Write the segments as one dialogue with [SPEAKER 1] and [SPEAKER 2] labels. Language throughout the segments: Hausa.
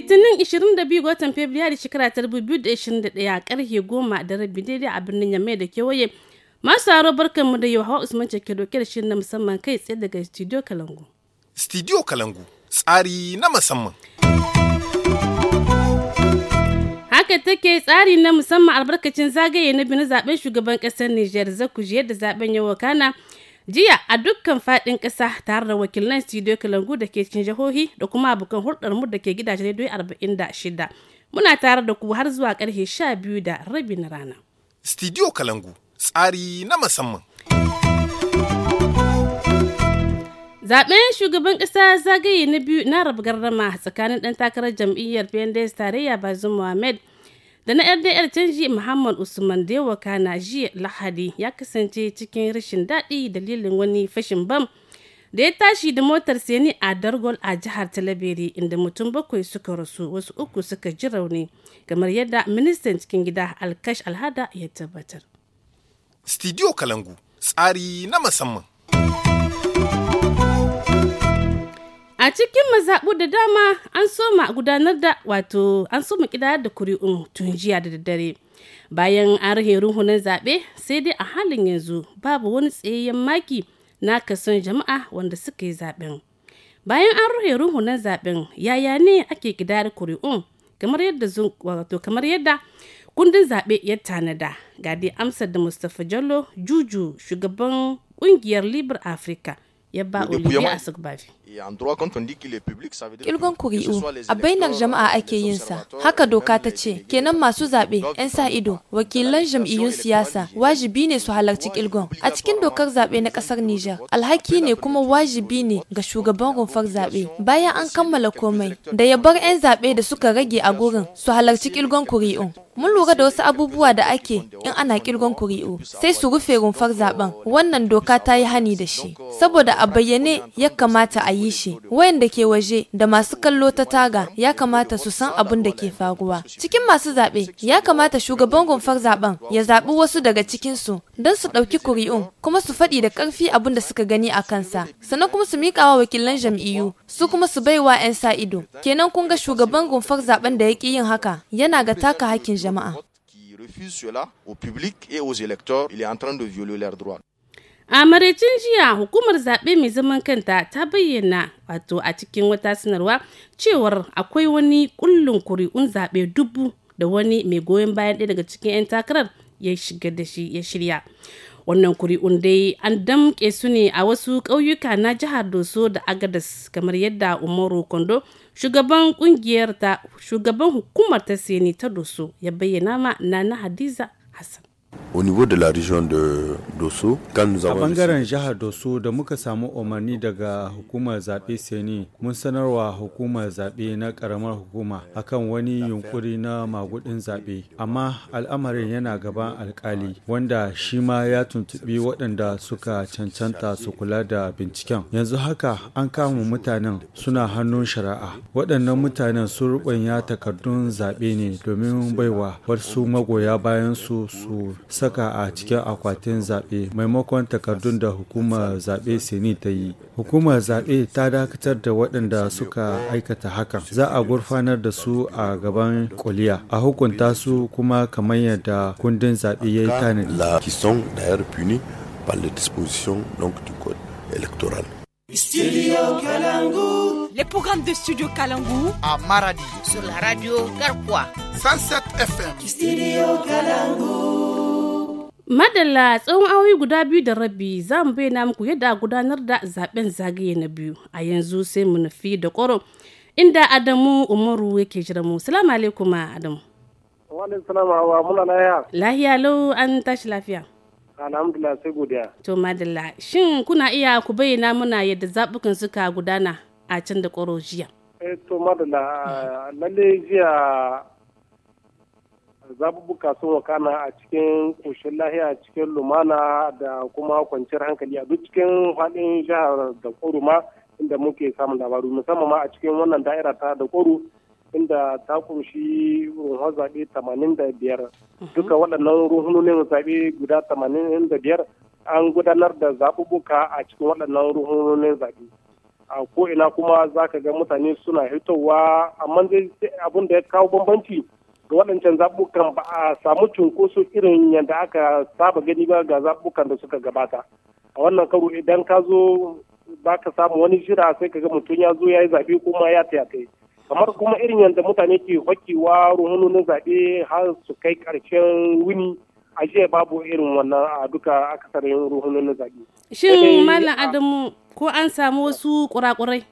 [SPEAKER 1] litinin 22 ga watan fabrairu shekara 2021 karfe goma da rabi daidai a birnin yamai da kewaye masu haro mu da yau hawa usman cike doke da shirin na musamman kai tsaye daga studio kalangu
[SPEAKER 2] studio kalangu tsari na musamman
[SPEAKER 1] haka take tsari na musamman albarkacin zagaye na biyu na zaben shugaban kasar niger zakuji yadda zaben ya kana. jiya a dukkan fadin kasa tare da wakilan studio kalangu da ke cikin jihohi da kuma abokan hulɗar mu da ke gidajen da 46 muna tare da ku har zuwa karfe 12 da rabi na rana
[SPEAKER 2] studio kalangu tsari na musamman
[SPEAKER 1] zaben shugaban kasa zagaye na biyu na rabu rama tsakanin dan takarar jam'iyyar pendes tarayya bazum mohamed da na rdl canji muhammad usman da yawa kana jiya lahadi ya kasance cikin rashin daɗi dalilin wani fashin bam da ya tashi da motar sani a dargol a jihar talabiri inda mutum bakwai suka rasu wasu uku suka ji rauni kamar yadda ministan cikin gida alkash alhada ya tabbatar
[SPEAKER 2] studio kalangu tsari na musamman
[SPEAKER 1] A cikin mazaɓu da dama an soma gudanar da wato an soma kidayar da kuri'un tun jiya da daddare. Bayan an rahe ruhunan zaɓe sai dai a halin yanzu babu wani tsayayyen maki na kason jama'a wanda suka yi zaɓen. Bayan an rahe ruhunan zaɓen yaya ne ake kidayar kuri'un kamar yadda wato kamar yadda kundin zaɓe ya tanada ga dai amsar da Mustapha Jallo Juju shugaban ƙungiyar Libre Africa ya ba Olivier asugbafi
[SPEAKER 3] Ƙirgon kuri'u a
[SPEAKER 4] bainar jama'a ake yin sa, haka doka ta ce, kenan masu zaɓe, 'yan sa ido, wakilan jam'iyyun siyasa wajibi ne su halarci Kilgon. A cikin dokar zaɓe na ƙasar Nijar, alhaki ne kuma wajibi ne ga shugaban rumfar zaɓe bayan an kammala komai da ya bar 'yan zaɓe da suka rage a gurin su halarci ƙirgon kuri'u mun lura da wasu abubuwa da ake in ana kirgon kuri'u sai su rufe rumfar zaɓen euh, wannan doka ta yi hani da shi euh, saboda a bayyane ya kamata a yi yi shi wayanda ke waje da masu kallo ta taga ya kamata su san abin da ke faruwa cikin masu zaɓe ya kamata shugaban rumfar zaɓen ya zaɓi wasu daga cikinsu don su ɗauki kuri'un kuma su faɗi da ƙarfi abin da suka gani a kansa sannan kuma su miƙa wa wakilan jam'iyyu su kuma su baiwa 'yan sa ido kenan kun ga shugaban rumfar zaɓen da ya ƙi yin haka yana ga taka hakkin jama'a
[SPEAKER 3] refuse cela au public et aux électeurs, il est en train de violer leurs droits.
[SPEAKER 1] a maraicin jiya hukumar zaɓe mai zaman kanta ta bayyana wato a cikin wata sanarwa cewar akwai wani kullun kuri'un zaɓe dubu da wani mai goyon bayan ɗaya daga cikin 'yan takarar ya shiga da shi ya shirya wannan kuri'un dai an damƙe su ne a wasu ƙauyuka na jihar doso da agadas kamar yadda umaru kondo shugaban kungiyar ta shugaban hukumar ta seni ta doso ya bayyana ma na hadiza hassan
[SPEAKER 3] Au A bangaren
[SPEAKER 5] jihar doso da muka samu umarni daga hukumar zaɓe Seni, mun sanarwa hukumar zaɓe na ƙaramar hukuma akan wani yunkuri na magudin zaɓe. Amma al'amarin yana gaban alkali wanda shi ma ya tuntuɓi waɗanda suka cancanta su kula da binciken. Yanzu haka an kama mutanen suna hannun shari'a. Waɗannan mutanen sun ruɓanya takardun zaɓe ne domin baiwa wasu magoya bayan su su saka a cikin akwatin zaɓe maimakon takardun da hukumar zaɓe seni ta yi hukumar zaɓe ta dakatar da waɗanda suka aikata hakan za a gurfanar da su a gaban kuliya a hukunta su kuma kamar yadda kundin zaɓe ya yi tanadi par les Studio
[SPEAKER 6] Kalangu. programmes de Studio Kalangu à Maradi sur la radio Garkwa
[SPEAKER 2] 107 FM. Studio Kalangu.
[SPEAKER 1] madalla tsawon awoyi guda biyu da rabi za mu bayyana muku yadda a gudanar da zaben zagaye na biyu a yanzu sai mu nufi da koro inda adamu umaru yake jira mu salamu alaikum adamu
[SPEAKER 7] wani salama wa muna ya.
[SPEAKER 1] lahiya lau an tashi lafiya alhamdulillah sai godiya to madalla shin kuna iya ku bayyana muna yadda zabukan suka gudana a can da koro jiya
[SPEAKER 7] eh to madalla lalle jiya zaɓuɓɓuka sun wakana a cikin ƙoshin lahiya cikin lumana da kuma kwanciyar hankali a duk cikin faɗin jihar da ma inda muke samun labaru musamman ma a cikin wannan da'ira ta da koru inda ta kunshi ruhun zaɓe 85 mhm. duka waɗannan ruhunonin zaɓe guda 85 an gudanar da zaɓuɓɓuka a cikin waɗannan ruhunonin zaɓe a ina kuma za ka ga mutane suna hitowa amma abin da ya kawo bambanci waɗancan zaɓukan ba a samu cunkoso irin yadda aka saba gani ba ga zaɓukan da suka gabata a wannan karo idan ka zo ba ka samu wani jira sai ka ga mutum ya zo ya yi zaɓe kuma ya taya kamar kuma irin yadda mutane ke hakewa ruhunonin zaɓe har su kai ƙarshen wuni a jiya babu irin wannan a duka akasarin ruhunonin zaɓe. shin malam
[SPEAKER 1] adamu ko an samu wasu kurakurai.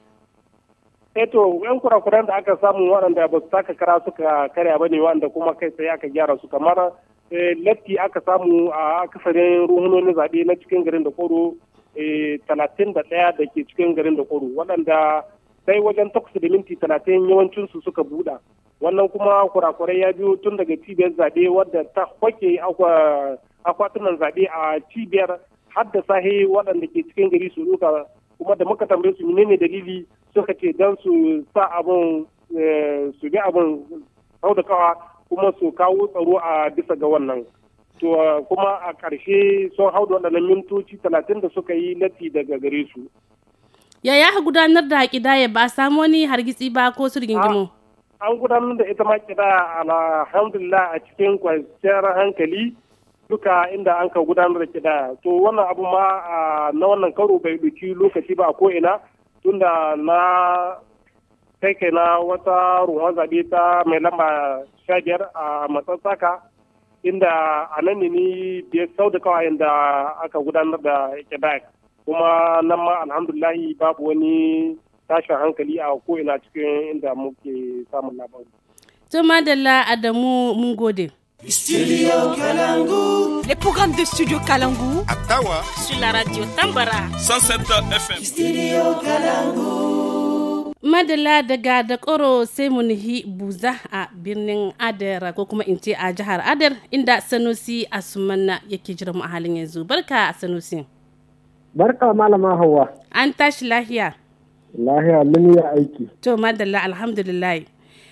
[SPEAKER 7] eto eh, yan kurakuran da aka samu waɗanda ba su taka kara suka karya ba ne waɗanda kuma kai sai aka gyara su kamar eh, latti aka samu a akasarin ruhunonin zaɓe na cikin garin da koro eh, talatin da ɗaya da ke cikin garin da koro waɗanda sai wajen takwas da minti talatin yawancinsu suka buɗa wannan kuma kurakurai ya biyo tun daga cibiyar zaɓe wadda ta kwake akwatunan zaɓe a cibiyar har da sahi waɗanda ke cikin gari su duka kuma da muka tambaye su menene dalili suka ce dan su sa abun eh, su bi abin sau da kawa kuma su kawo tsaro a bisa ga wannan to kuma a ƙarshe sun hau da waɗannan mintoci talatin da suka yi lati daga gare su
[SPEAKER 1] ya aka gudanar da ya ba samu wani hargitsi ba ko su rigingimu an gudanar da ita ma kida
[SPEAKER 7] alhamdulillah a cikin kwanciyar hankali duka inda an ka gudanar da kidaya to wannan abu ma na wannan karo bai duki lokaci ba a ko'ina tunda na kai kai na wata ruwan zaɓe ta mai lamba sha biyar a matsatsaka inda a nan ne ni da sau da kawai inda aka gudanar da kidaya kuma nan ma alhamdulahi babu wani tashin hankali a ko'ina cikin inda muke samun labari.
[SPEAKER 1] Tun madalla Adamu mun gode. Studio
[SPEAKER 2] Kalangu.
[SPEAKER 1] Les programmes de Studio Kalangu. À Tawa. Sur la radio Tambara. 107 FM. Studio Kalangu. Madala daga dakoro koro sai mu hi buza a birnin Ader ko kuma in ce a jihar Ader inda Sanusi na yake jira mu a halin yanzu. Barka Sanusi.
[SPEAKER 8] Barka malama Hauwa.
[SPEAKER 1] An tashi lahiya.
[SPEAKER 8] Lahiya mun yi aiki.
[SPEAKER 1] To madala alhamdulillah.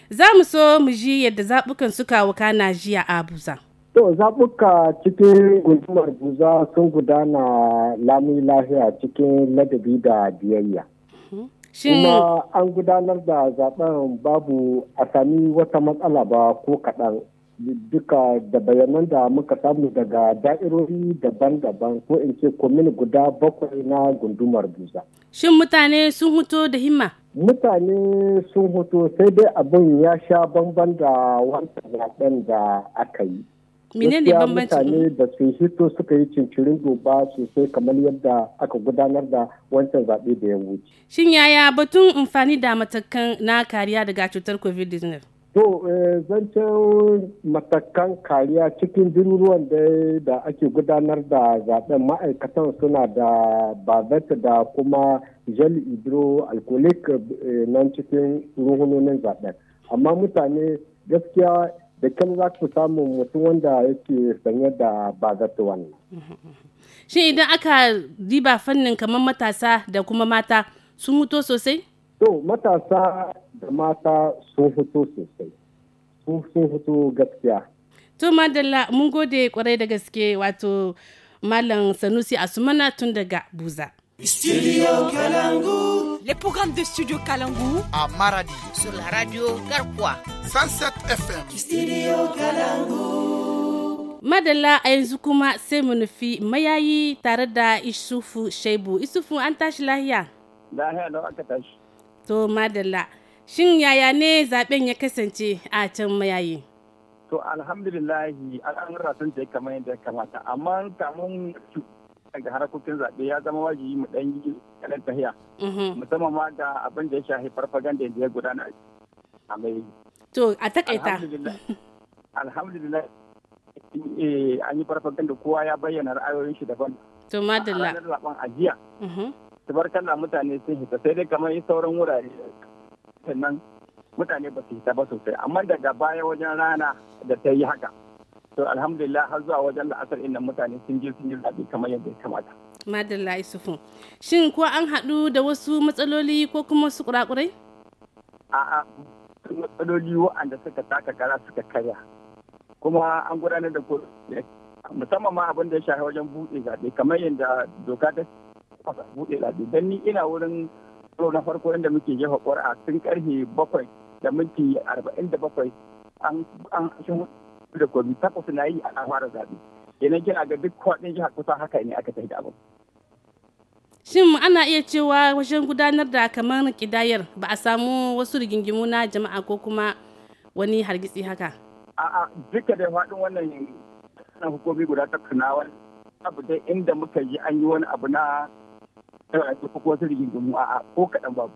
[SPEAKER 1] za mu so mu ji yadda zaɓukan suka wakana jiya a abuja
[SPEAKER 8] To zaɓuka cikin gundumar buza sun gudana lami lahiya cikin ladabi da biyayya.
[SPEAKER 1] Mhm. Kuma
[SPEAKER 8] an gudanar da zaɓen babu a sami wata matsala ba ko kaɗan duka da bayanan da muka samu daga da'irori daban-daban ko in ce komin guda bakwai na gundumar duza.
[SPEAKER 1] Shin mutane sun huto da himma?
[SPEAKER 8] Mutane sun huto sai dai abin ya sha bamban da wancan zaben da aka yi.
[SPEAKER 1] Mene ne Mutane
[SPEAKER 8] da su hito suka yi cincirin duba sosai kamar yadda aka gudanar da wancan zaɓe da ya wuce.
[SPEAKER 1] Shin yaya batun amfani da matakan na kariya daga cutar COVID-19?
[SPEAKER 8] To eh, zancen matakan kariya cikin biruruwan da ake gudanar da zaben ma'aikatan suna da babet da kuma gel hydro alkoholik eh, nan cikin ruhunonin zaben. Amma mutane gaskiya da kan za ku samu mutum wanda yake sanye da bazata wannan.
[SPEAKER 1] Shin idan aka diba fannin kamar matasa da kuma mata sun mutu sosai?
[SPEAKER 8] To matasa da mata sun fito sosai, sun fito gaskiya.
[SPEAKER 1] To madalla mun gode kwarai da gaske wato Malam Sanusi Asumana tun daga Buza. Studio
[SPEAKER 8] Kalangu.
[SPEAKER 6] Les programmes de Studio Kalangu à Maradi sur la radio Garkwa 107 FM. Studio Kalangu.
[SPEAKER 1] Madalla a yanzu kuma sai mu nufi mayayi tare da Isufu Shebu. Isufu an tashi lahiya?
[SPEAKER 3] Lahiya da aka tashi.
[SPEAKER 1] to madalla shin yaya ne zaben ya kasance a can mayayi
[SPEAKER 3] to alhamdulillahi al'amura sun je kamar yadda ya kamata amma kamun daga harakokin zaɓe ya zama wajibi mu ɗan yi kalan tahiya mhm. musamman ma da abin da ya shafi farfaganda da ya gudana a mai
[SPEAKER 1] to a takaita
[SPEAKER 3] alhamdulillah eh, an yi farfaganda kowa ya bayyana ra'ayoyin shi daban to madalla ranar zaben ajiya mhm. tabarkalla mutane sun hita sai dai kamar sauran wurare sannan mutane ba su hita ba sosai amma daga baya wajen rana da ta yi haka to alhamdulillah har zuwa wajen la'asar inda mutane sun je sun ji zaɓe kamar yadda ya kamata.
[SPEAKER 1] madalla isufu shin ko an haɗu da wasu matsaloli ko kuma su kurakurai?
[SPEAKER 3] a'a matsaloli wa'anda suka taka kara suka karya kuma an gudanar da ko musamman ma abin da ya shafi wajen buɗe zaɓe kamar yadda doka ta takwas buɗe zaɓe don ni ina wurin karo na farko inda muke jefa ƙwar'a tun karfe bakwai da minti arba'in da bakwai an shin da kobi takwas na yi ana fara zaɓe kenan kira ga duk kwaɗin jihar kusan
[SPEAKER 6] haka ne aka tafi da abin.
[SPEAKER 1] shin ana iya cewa wajen gudanar da kamar kidayar ba a samu wasu rigingimu na jama'a ko kuma wani hargitsi haka
[SPEAKER 3] a'a duka da faɗin wannan yin hukumi guda ta kunawa abu dai inda muka yi an yi wani abu na ko ko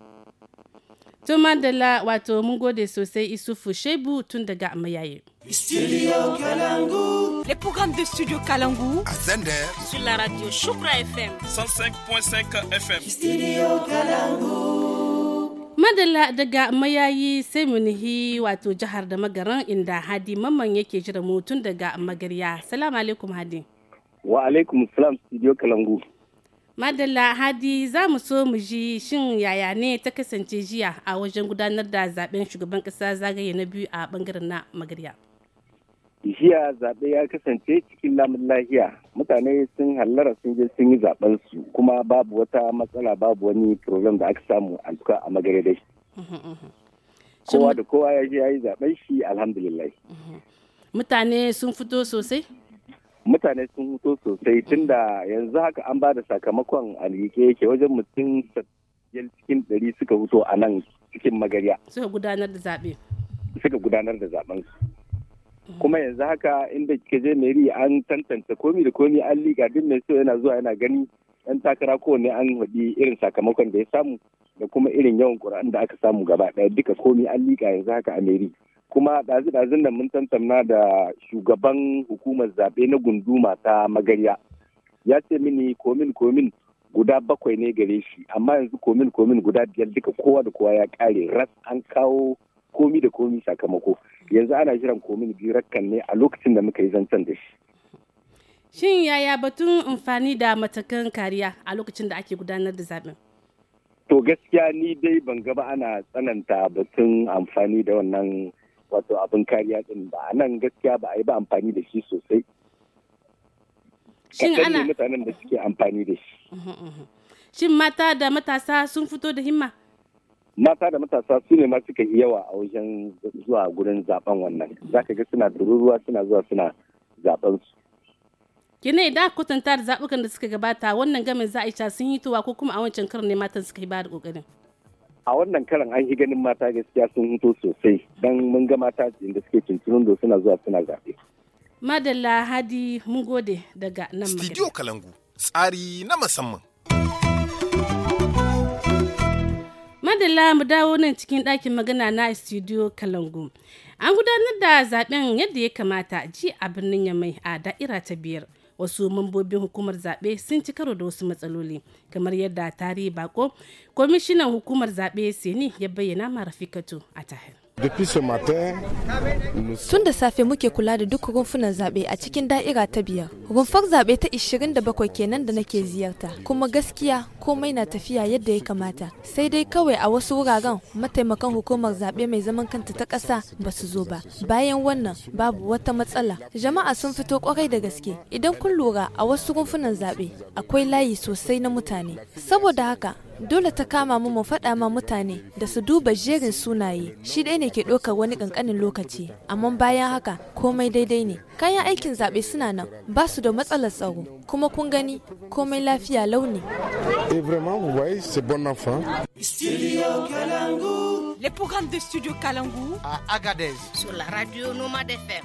[SPEAKER 1] To Mandala wato mun gode sosai Isufu Shebu tun daga Mayaye.
[SPEAKER 4] Studio Kalangu. Les programmes de Studio Kalangu. À Zender. Sur
[SPEAKER 2] la radio Choukra FM. 105.5 FM. Studio Kalangu.
[SPEAKER 1] madala daga mayayi sai mu wato jihar da magaran inda Hadi Mamman yake jira mutun tun daga magarya. Salamu alaikum Hadi.
[SPEAKER 3] Wa alaikum salam Studio Kalangu.
[SPEAKER 1] madalla hadi za mu so mu ji shin yaya ne ta kasance jiya a wajen gudanar da zaben shugaban kasa zagaye na biyu a bangaren na magarya
[SPEAKER 3] jiya zaɓe ya kasance cikin lamun lahiya mutane sun hallara sun je sun yi zaɓen su kuma babu wata matsala babu wani problem da aka samu duka a magare da shi kowa da kowa ya je ya yi zaɓen shi alhamdulillah
[SPEAKER 1] mutane sun fito sosai
[SPEAKER 3] mutane sun huto sosai tun da yanzu haka an ba da sakamakon alike yake wajen mutum sabbin cikin ɗari suka huto a nan cikin magarya
[SPEAKER 1] suka gudanar da zaɓe
[SPEAKER 3] suka gudanar da zaɓen su kuma yanzu haka inda kike je meri an tantance komi da komi an liga duk mai so yana zuwa yana gani yan takara kowane an haɗi irin sakamakon da ya samu da kuma irin yawan ƙura'an da aka samu gaba ɗaya duka komi an liƙa yanzu haka a meri kuma ɗazu-ɗazun nan mun tantamna da shugaban hukumar zaɓe na gunduma ta magarya ya ce mini komin komin guda bakwai ne gare shi amma yanzu komin komin guda biyar duka kowa da kowa ya ƙare ras an kawo komi da komi sakamako yanzu ana jiran komin biyu rakkan ne a lokacin da muka yi zancen da shi
[SPEAKER 1] shin yaya batun amfani da matakan kariya a lokacin da ake gudanar da zaben
[SPEAKER 3] to gaskiya ni dai ban gaba ana tsananta batun amfani da wannan wato abin kariya din ba a nan gaskiya ba a yi ba amfani da shi sosai
[SPEAKER 1] shin ana mutanen
[SPEAKER 3] da suke amfani da shi
[SPEAKER 1] shin mata da matasa sun fito da himma
[SPEAKER 3] mata da matasa su ne ma suka yi yawa a wajen zuwa gurin zaben wannan zaka ga suna tururuwa suna zuwa suna zaben su
[SPEAKER 1] kine da kwatanta da zabukan da suka gabata wannan gamin za a yi sun hitowa ko kuma a wancan karin matan suka yi ba da kokarin
[SPEAKER 3] a wannan karan an yi ganin mata gaskiya sun hutu sosai don mun ga mata da suke tuntunin da suna zuwa suna
[SPEAKER 2] zaɓe.
[SPEAKER 1] Madalla Hadi mun gode daga nan magana. Studio
[SPEAKER 2] Kalangu tsari na musamman.
[SPEAKER 1] Madalla mu dawo nan cikin ɗakin magana na Studio Kalangu. An gudanar da zaɓen yadda ya kamata ji a birnin Yamai a da'ira ta biyar. wasu mambobin hukumar zaɓe sun ci karo da wasu matsaloli kamar yadda tarihi bako kwamishinan hukumar zaɓe seni ya bayyana ma rafikatu a tahir
[SPEAKER 4] Tun da safe muke kula da duk rumfunan zaɓe a cikin da'ira ta biyar. Rumfar zaɓe ta 27 kenan da nake ziyarta, kuma gaskiya komai na tafiya yadda ya kamata. Sai dai kawai a wasu wuraren mataimakan hukumar zaɓe mai zaman kanta ta ƙasa ba su zo ba. Bayan wannan babu wata matsala. Jama'a sun fito kwarai da gaske. Idan kun lura a wasu rumfunan zaɓe akwai layi sosai na mutane. Saboda haka dole ta kama mu mu faɗa ma mutane da su duba jerin sunaye shi dai ne ke ɗaukar wani ƙanƙanin lokaci amma bayan haka komai daidai ne kayan aikin zaɓe suna nan ba su da matsalar tsaro kuma kun gani komai lafiya launi.
[SPEAKER 1] Les programmes de Studio Kalangu à Agadez sur la radio Nomade FM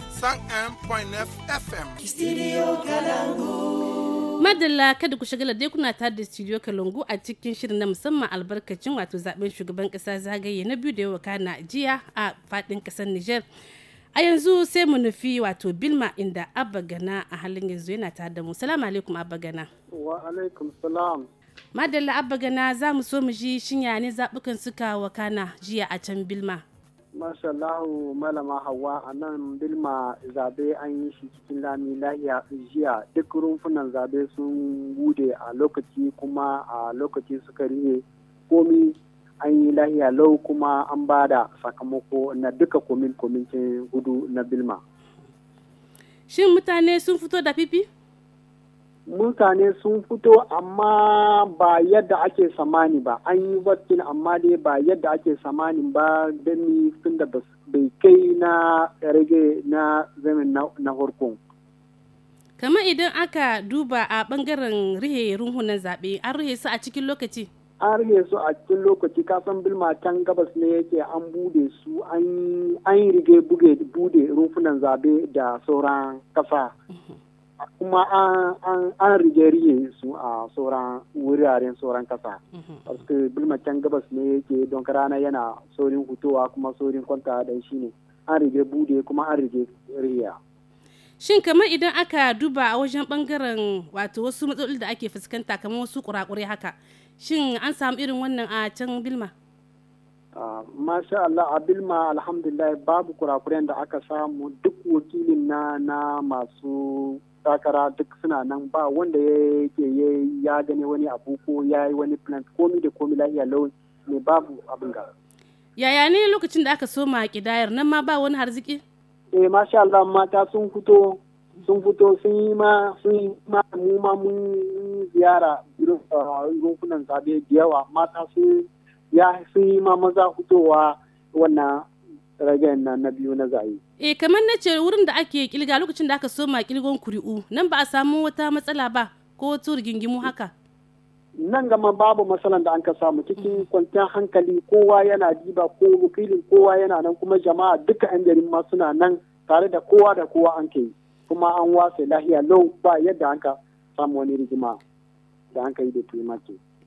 [SPEAKER 1] 101.9 FM. Studio Kalangu. madalla kada ku shagala dai kuna tare da studio kalungu a cikin shirin na musamman albarkacin wato zaben shugaban kasa zagaye na biyu da yawa na jiya a fadin kasar niger a yanzu sai mu nufi wato bilma inda abba gana a halin yanzu yana tare da mu salamu alaikum abba gana
[SPEAKER 8] wa alaikum salam
[SPEAKER 1] madalla abba gana za mu so mu ji shinya ne zabukan suka wakana jiya a can bilma
[SPEAKER 8] mashallahu malama hawa a nan bilma zabe an yi shi cikin lami lahiya jiya duk rumfunan zabe sun bude a lokaci kuma a lokaci suka riye komi an yi lahiya lau kuma an ba da sakamako na duka komin komin hudu na bilma
[SPEAKER 1] shin mutane sun fito da fifi?
[SPEAKER 8] mutane sun fito amma ba yadda ake samani ba an yi wakil amma dai ba yadda ake samani ba don tun da bai kai na rage na zamin na farkon.
[SPEAKER 1] kamar idan aka duba a bangaren rihe runhunan zaɓe an rihe su a cikin lokaci
[SPEAKER 8] an rihe su a cikin lokaci kasan bilma can gabas ne yake an bude su an yi rige bude runhunan zaɓe da sauran kasa mhm. kuma an rige su a sauran wuraren sauran kasa mhm. parce can gabas ne yake don rana yana saurin hutowa kuma saurin kwanta dan shi ne an rige bude kuma an rige riya
[SPEAKER 1] shin kamar idan aka duba a wajen bangaren wato wasu matsaloli da ake fuskanta kamar wasu kurakure haka shin an samu irin wannan a can bilma
[SPEAKER 8] ah, masha Allah a bilma alhamdulillah babu kurakuren da aka samu duk wakilin na na masu takara duk suna nan ba wanda yake ya gani wani abu ko ya yi wani plan komi da komi lahiya lawan ne babu abin ga
[SPEAKER 1] yaya ne lokacin da aka soma kidayar nan ma ba wani harziki eh
[SPEAKER 8] masha Allah mata sun fito sun fito sun yi ma sun yi ma mu ma mun ziyara rukunan zabe da yawa mata sun sun yi ma maza fitowa wannan ragen na na biyu na zaɓe.
[SPEAKER 1] E eh, kamar na ce wurin da ake kilga lokacin da aka soma kilgon kuri'u nan ba a samu wata matsala ba ko wata rigingimu haka.
[SPEAKER 8] Nan gama babu matsalan da an ka samu cikin kwanciyar hankali kowa yana diba ko wakilin kowa yana nan kuma jama'a duka 'yan garin ma suna nan tare da kowa da kowa an ke kuma an wasa lahiya lau ba yadda an ka samu wani rigima da an ka yi da tuyi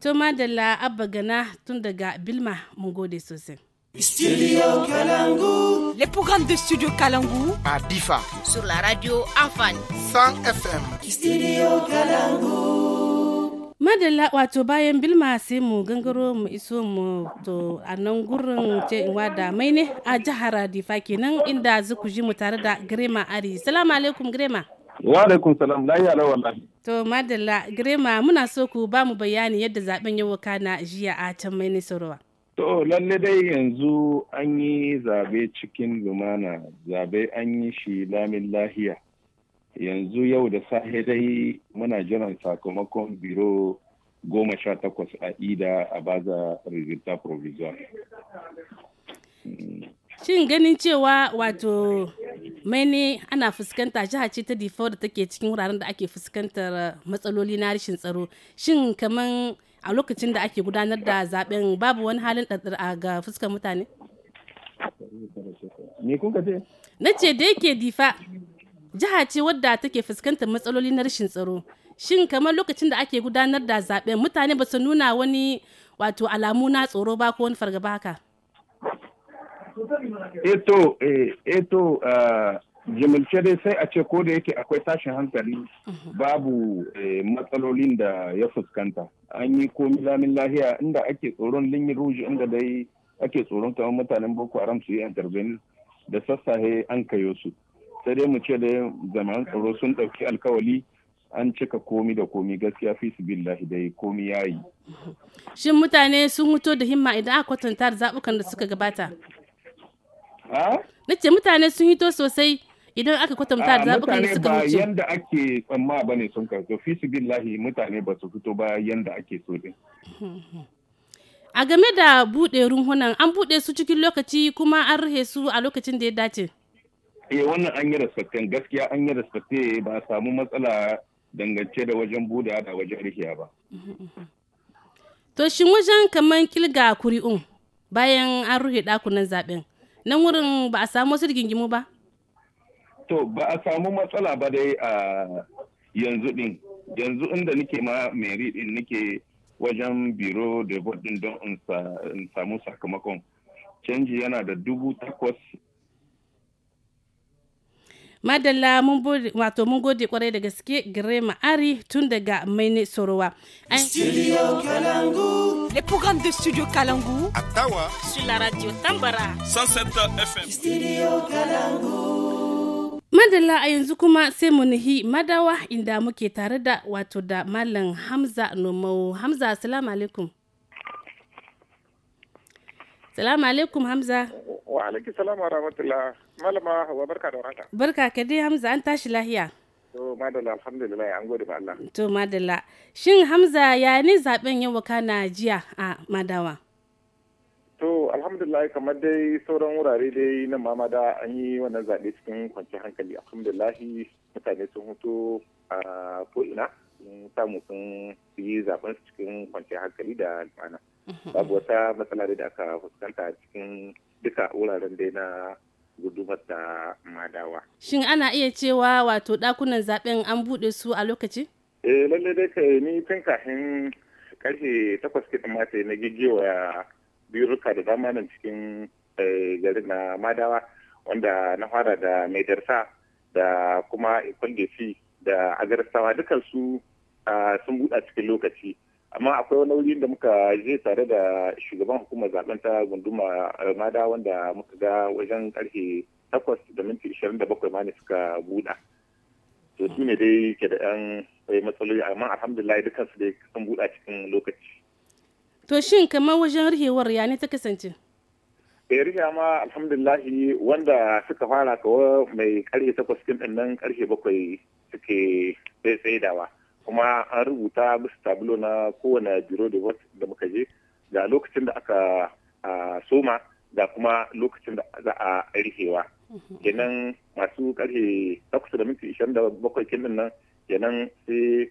[SPEAKER 1] To Madalla Abba Gana tun daga Bilma mun gode sosai.
[SPEAKER 5] Studio
[SPEAKER 1] Kalangu. Les programmes de Studio Kalangu. À Bifa. Sur la radio Afan. 100 FM. Studio Kalangu. Madalla wato bayan Bilma sai mu gangaro mu iso mu to a nan gurin ce in wada mai ne a jihar Difa kenan inda zuku ji mu tare da Grema Ari. Salamu alaikum Grema.
[SPEAKER 3] Wa alaikum salam lahi ala wallahi.
[SPEAKER 1] To madalla Grema muna so ku ba mu bayani yadda zaben yau kana jiya a can mai ne sorowa.
[SPEAKER 3] To lalle dai yanzu an yi zabe cikin lumana, zabe an yi shi lamin lahiya. Yanzu yau da sahe dai muna jiran sakamakon biro goma sha takwas a ida a baza rizita provision.
[SPEAKER 1] Shin ganin cewa wato maini ana fuskanta jiha ce ta default da take cikin wuraren da ake fuskantar matsaloli na rashin tsaro. Shin kamar a lokacin da ake gudanar da zaben babu wani halin ɗaɗɗar ga fuskar mutane? Me kun ka ce? Na ce da yake difa jiha ce wadda take fuskantar matsaloli na rashin tsaro. Shin kamar lokacin da ake gudanar da zaben mutane ba su nuna wani wato alamu na tsoro ba ko wani fargaba haka?
[SPEAKER 3] Eto, eh eto, eh, eh ah, jimilce dai sai a ce ko da yake akwai tashin hankali mhm. babu eh, matsalolin da ya fuskanta an yi komi lamin lahiya inda ake tsoron linyin ruji inda dai ake tsoron kamar mutanen boko haram su yi intervene da sassahe an kayo su sai dai mu ce da zaman tsaro sun ɗauki alkawali an cika komi da komi gaskiya fi su billahi dai komi ya yi. Mhm.
[SPEAKER 1] shin mutane sun mutu da himma idan aka kwatanta da zabukan da suka gabata Nace mutane sun hito sosai idan aka kwatanta ah, da zaɓukan da suka wuce. Mutane
[SPEAKER 3] ba yanda ake tsamma ba ne sun karɓi fi su billahi mutane ba su fito ba yanda ake so din.
[SPEAKER 1] A game da buɗe runhunan an buɗe su cikin lokaci kuma an rahe su a lokacin da ya dace.
[SPEAKER 3] Eh wannan an yi respectin gaskiya an yi respectin eh, ba a samu matsala dangance da wajen buɗe da
[SPEAKER 9] wajen rihiya ba.
[SPEAKER 1] To shin wajen kamar kilga kuri'un bayan an rufe ɗakunan zaɓen nan wurin ba a samu wasu rigingimu ba?
[SPEAKER 3] To ba a samu matsala ba dai a yanzu din. Yanzu inda nike ma meri din nike wajen biro da din don in samu sakamakon. Canji yana da dubu takwas.
[SPEAKER 1] Madalla wato mun gode kwarai da gaske gare ma'ari tun daga maini sorowa. Studio Kalangu. Les programmes de Studio Kalangu. Attawa. Sur la radio Tambara. 107 FM. Studio Kalangu. madalla a yanzu kuma sai mu nihi madawa inda muke tare da wato da malam hamza nomau hamza assalamu alaikum salamu alaikum hamza
[SPEAKER 7] wa alaikum salamu rahmatullah malama wa barka da warhaka
[SPEAKER 1] barka ka dai hamza an tashi lahiya
[SPEAKER 9] to madalla alhamdulillah an gode ba Allah
[SPEAKER 1] to madalla shin hamza ya ne zaben yau kana jiya a madawa
[SPEAKER 9] To alhamdulillah kamar dai sauran wurare dai na mamada an yi wannan zaɓe cikin kwanciyar hankali alhamdulillahi mutane sun hutu a ko'ina sun samu sun yi zaɓen cikin kwanciyar hankali da lumana. Mhm. Babu wata matsala da aka fuskanta cikin duka wuraren dai na gudumar da madawa.
[SPEAKER 1] Shin ana iya cewa wato ɗakunan zaɓen an buɗe su a lokaci?
[SPEAKER 9] Eh lallai dai kai ni tun kafin karfe takwas kiɗin ma na gigewa ruka da dama nan cikin eh, garin na madawa wanda na fara da maidarsa da kuma ikwaldefi da agarsawa su ah, sun buɗa cikin lokaci amma akwai wani wuri da muka je tare da shugaban hukumar zaben ta gunduma eh, mada wanda muka ga wajen karfe 8 da minti 27 ma ne suka buɗa to su ne dai ke da 'yan eh, matsaloli amma alhamdulillah dukansu dai sun buɗa cikin lokaci
[SPEAKER 1] to shin kamar wajen rihewar ya ne ta kasance
[SPEAKER 9] eh ma alhamdulillahi wanda suka fara kawo mai karfe takwas din nan karfe bakwai suke tsaidawa kuma an rubuta bisa tablo na kowane biro da wasu da muka je ga lokacin da aka soma da kuma lokacin da za a rihewa mhm. kenan masu karfe takwas da minti ishirin da bakwai kin nan kenan sai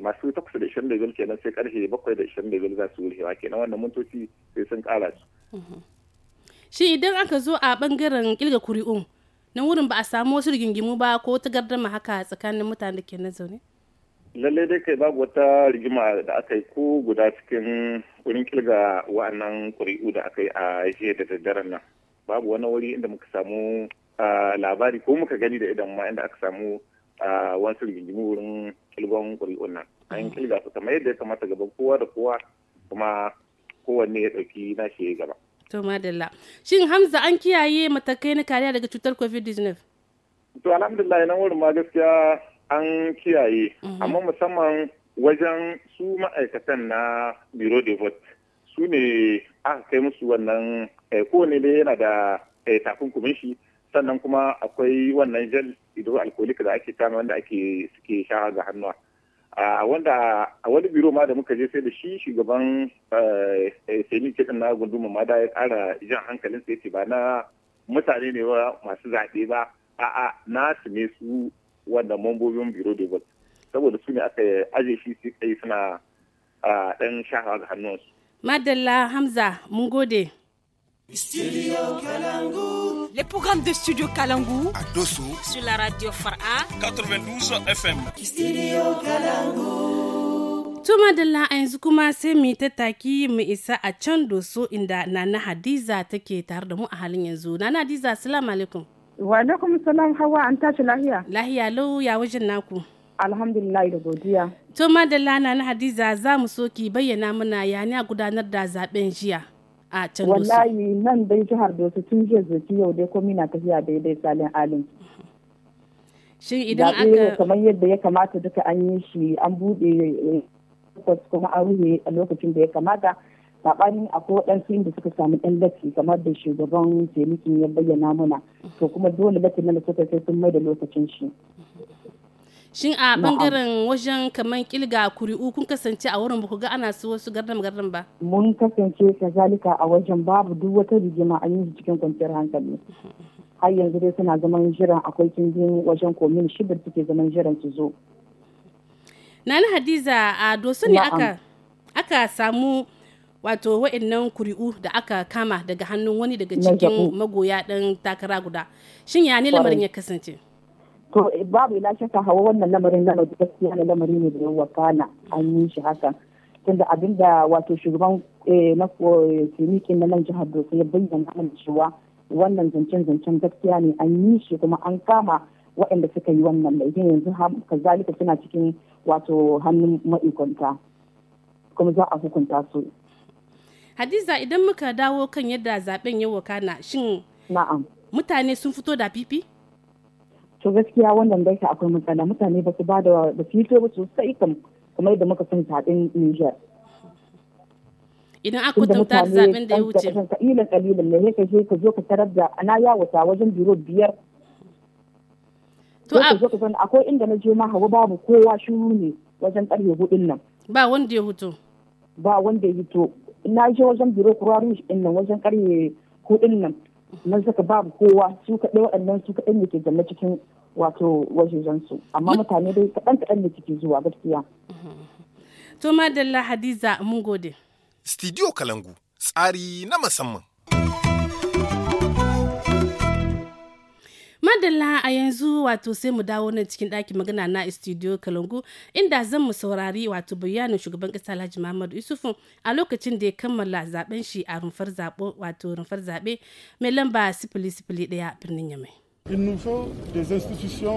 [SPEAKER 9] masu takwas da ishirin da biyar kenan sai karfe bakwai da ishirin da biyar za su wurewa kenan wannan mintoci sai sun kara su.
[SPEAKER 1] Mhm. shi idan aka zo a bangaren kirga kuri'un na wurin ba a samu wasu rigingimu ba ko ta gardama haka tsakanin mutane da ke na zaune.
[SPEAKER 9] lalle dai kai babu wata rigima da aka yi ko guda cikin wurin kirga wa'annan kuri'u da aka yi a jiya da daddaren nan babu wani wuri inda muka samu labari ko muka gani da idan ma inda aka samu a wasu rigingimu wurin kilgon ƙuri'un nan mm. an kilga su kamar yadda ya kamata gaban kowa da kowa kuma kowanne ya ɗauki shi ya gaba.
[SPEAKER 1] to madalla shin hamza an kiyaye matakai na kariya daga cutar covid-19
[SPEAKER 9] to alhamdulillah nan wurin ma gaskiya an kiyaye mm-hmm. amma musamman wajen su ma'aikatan na biro de vote su ne aka kai musu wannan eh, kowane ne yana da eh, takunkumin shi sannan kuma akwai wannan gel hydroalcoholic da ake kama wanda ake suke sha ga hannuwa a wanda a wani biro ma da muka je sai da shi shugaban eh, eh, semi ke na gunduma ma da ya kara jan hankalin sai ce ba na mutane ne masu zaɓe ba a'a na su ne su wanda mambobin biro da ba saboda su ne aka aje shi su kai suna ɗan shahawa ga hannunsu.
[SPEAKER 1] Madalla Hamza, mun gode. Studio Kalangu. les programmes de Studio Kalangu à Dosso sur la radio fara. 92 FM. Studio Kalangu. Tuma Dalla a yanzu kuma sai mu tattaki mu isa a can doso inda Nana Hadiza take tare da mu a halin yanzu. Nana Hadiza, assalamu alaikum. Wa alaikum salam hawa an tashi lahiya. Lahiya lau ya wajen naku. Alhamdulillah da godiya. Tuma Dalla Nana Hadiza za mu so ki bayyana mana ya gudanar da zaben jiya. a can wallahi
[SPEAKER 6] nan dai jihar dosu tun jiya zaki yau dai ko na tafiya daidai salin alin
[SPEAKER 1] shin idan aka kamar
[SPEAKER 6] yadda ya kamata duka an yi shi an bude eh, kuma an ruhe a lokacin da ya kamata ko akwai sun inda suka samu 'yan lati kamar da shugaban jami'in ya bayyana mana to kuma dole lati na suka sai sun mai da lokacin shi
[SPEAKER 1] shin a bangaren wajen kamar kilga kuri'u kun kasance a wurin ku ga ana su wasu gardam gardam ba
[SPEAKER 6] mun kasance kazalika a wajen babu duk wata rigima a yanzu cikin kwanciyar hankali har yanzu dai suna zaman jiran akwai kindin wajen komin shibir suke zaman jiran su zo
[SPEAKER 1] nani hadiza a dosu ne aka aka samu wato wa'annan kuri'u da aka kama daga hannun wani daga cikin magoya ɗan takara guda shin ya ne lamarin ya kasance
[SPEAKER 6] to eh, babu ila shakka hawa wannan lamarin na da gaskiya na lamari ne da yawa kana an yi shi haka tunda abin da wato shugaban eh, na klinikin eh, na nan jihar Bauchi ya bayyana mana cewa wannan zancen zancen gaskiya ne an yi shi kuma an kama waɗanda suka yi wannan laifin yanzu kazalika suna cikin wato hannun ma'aikanta kuma za a hukunta su
[SPEAKER 1] hadiza idan muka dawo kan yadda zaben ya wakana shin na'am mutane sun fito da fifi
[SPEAKER 6] to gaskiya wannan dai akwai matsala mutane ba su ba da ba su fito ba sosai kam kamar yadda muka san zaɓen Niger.
[SPEAKER 1] Idan aka tauta da zaɓen da ya wuce.
[SPEAKER 6] Kalilan kalilan ne ka je ka zo ka tarar da ana yawata wajen biro biyar. To a zo ka akwai inda na je ma hawa babu kowa shuru ne wajen karye hudun nan.
[SPEAKER 1] Ba wanda ya huto.
[SPEAKER 6] Ba wanda ya hito. Na je wajen biro Kura din nan wajen karye hudun nan. na zaka babu kowa su kaɗai waɗannan su kaɗan da ke zama cikin wato wajen su amma mutane dai kaɗan kaɗan da ke zuwa gaskiya.
[SPEAKER 1] To Madalla Hadiza mun gode. Studio Kalangu tsari na musamman. Alhamdulillah a yanzu wato sai mu dawo nan cikin ɗakin magana na studio kalangu inda zan mu saurari wato bayanin shugaban ƙasa alhaji muhammadu yusufu a lokacin da ya kammala zaben shi a rumfar zaɓe mai lamba sifili sifili ɗaya birnin yamai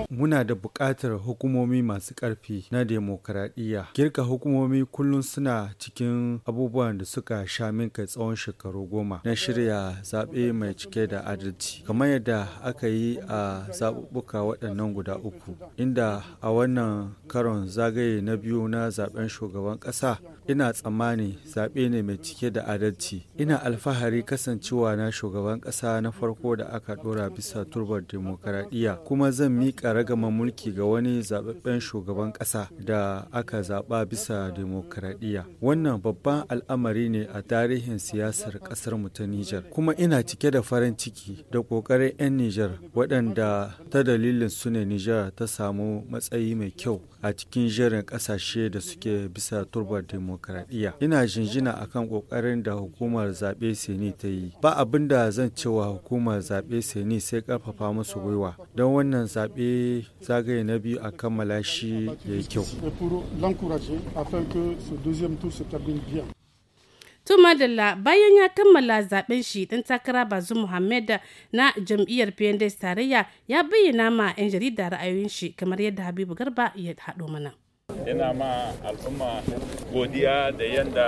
[SPEAKER 5] Muna da buƙatar hukumomi masu ƙarfi na demokaradiyya. Girka hukumomi kullum suna cikin abubuwan da suka sha minka tsawon shekaru goma na shirya zaɓe mai cike da adalci. Kamar yadda aka yi a zaɓuɓɓuka waɗannan guda uku, inda a wannan karon zagaye na biyu na zaɓen shugaban ƙasa ina tsammani zaɓe ne mai cike da adalci. Ina alfahari kasancewa na shugaban ƙasa na farko da aka ɗora bisa turbar demokaradiyya kuma zan miƙa ragama mulki ga wani zaɓaɓɓen shugaban ƙasa da aka zaɓa bisa demokaradiyya. Wannan babban al'amari ne a tarihin siyasar ƙasar mu ta Nijar. Kuma ina cike da farin ciki da ƙoƙarin 'yan Nijar waɗanda ta dalilin su ne Nijar ta samu matsayi mai kyau a cikin jerin ƙasashe da suke bisa turbar demokradiyya. Ina jinjina akan ƙoƙarin da hukumar zaɓe Seni ta yi. Ba abin da zan cewa hukumar zaɓe Seni sai ƙarfafa musu gwiwa don wannan zaɓe zagaye na biyu a kammala shi ya yi kyau.
[SPEAKER 1] to madalla bayan ya kammala zaben shi dan takara bazu muhammed na jam'iyyar pnds tarayya ya bayyana ma 'yan jarida ra'ayoyin shi kamar yadda habibu garba ya haɗo mana
[SPEAKER 2] ina ma al'umma godiya da yadda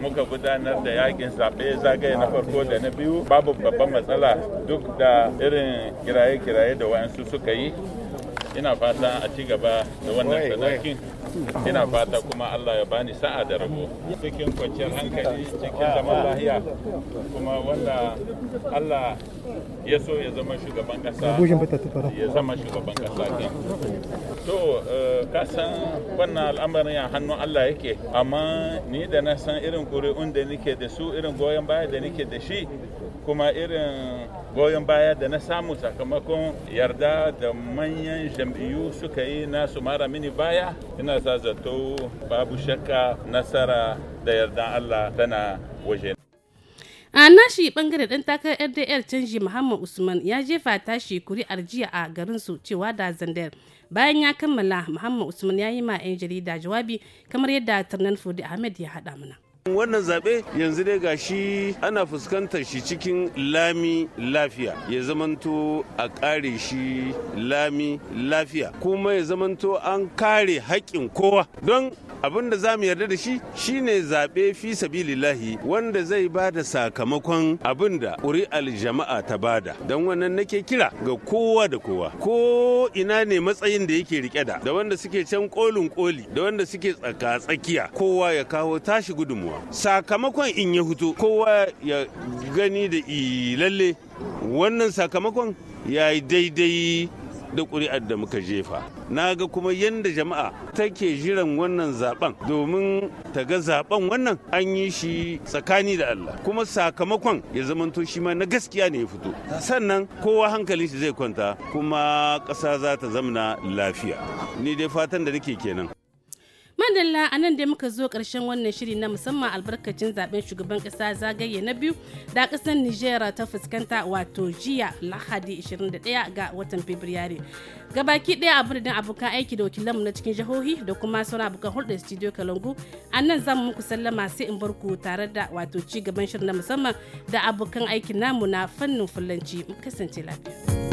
[SPEAKER 2] muka gudanar da yakin zaɓe zagaye na farko da na biyu babu babban matsala duk da irin kiraye-kiraye da wayansu suka yi ina fata a ci gaba da wannan sadakin ina fata kuma Allah ya bani sa'a da rabo cikin kwanciyar hankali cikin zaman lahiya kuma wanda Allah ya so ya zama shugaban kasa ya zama shugaban kasa to eh, ka san wannan al'amarin ya hannun Allah yake amma ni da na san irin kuri'un da nike da su irin goyon baya da nake da shi kuma irin goyon baya da na samu sakamakon yarda da manyan jam'iyyu suka yi na su mara mini baya ina sa zato babu shakka nasara da yarda Allah tana waje.
[SPEAKER 1] a nashi bangare dan takarar rdl canji muhammad usman ya jefa tashi kuri'ar jiya a garinsu cewa da zandar bayan ya kammala muhammad usman ya yi ma 'yan jarida jawabi kamar yadda tarnan fudi ahmed ya hada mana
[SPEAKER 2] Wannan zaɓe yanzu dai gashi ana fuskantar shi cikin lami lafiya ya zamanto a kare shi lami lafiya kuma ya zamanto an kare haƙƙin kowa don abin da za mu yarda da shi shine zaɓe fi sabilillahi wanda zai ba da sakamakon abin da ƙuri'ar jama'a ta bada don wannan nake kira ga kowa da kowa ko ina ne matsayin da yake rike da da wanda suke can kolin koli da wanda suke tsaka tsakiya kowa ya kawo tashi gudunmuwa sakamakon in ya hutu kowa ya gani da lalle wannan sakamakon ya yi daidai da ƙuri'ar da muka jefa na ga kuma yadda jama'a take jiran wannan zaben domin ta ga zaben wannan an yi shi tsakani da Allah kuma sakamakon ya zamanto shi ma na gaskiya ne ya fito sannan kowa hankalin shi zai kwanta kuma ƙasa za ta zamana lafiya ni dai fatan da nake kenan
[SPEAKER 1] alhamdulillah a nan dai muka zo karshen wannan shiri na musamman albarkacin zaben shugaban kasa zagaye na biyu da kasar niger ta fuskanta wato jiya lahadi 21 ga watan fabrairu gabaki daya a da abokan aiki da wakilanmu na cikin jihohi da kuma sauran abokan hulɗar studio kalangu a nan za muku sallama sai in bar ku tare da wato ci gaban shirin na musamman da abokan aikin namu na fannin fulanci mu kasance lafiya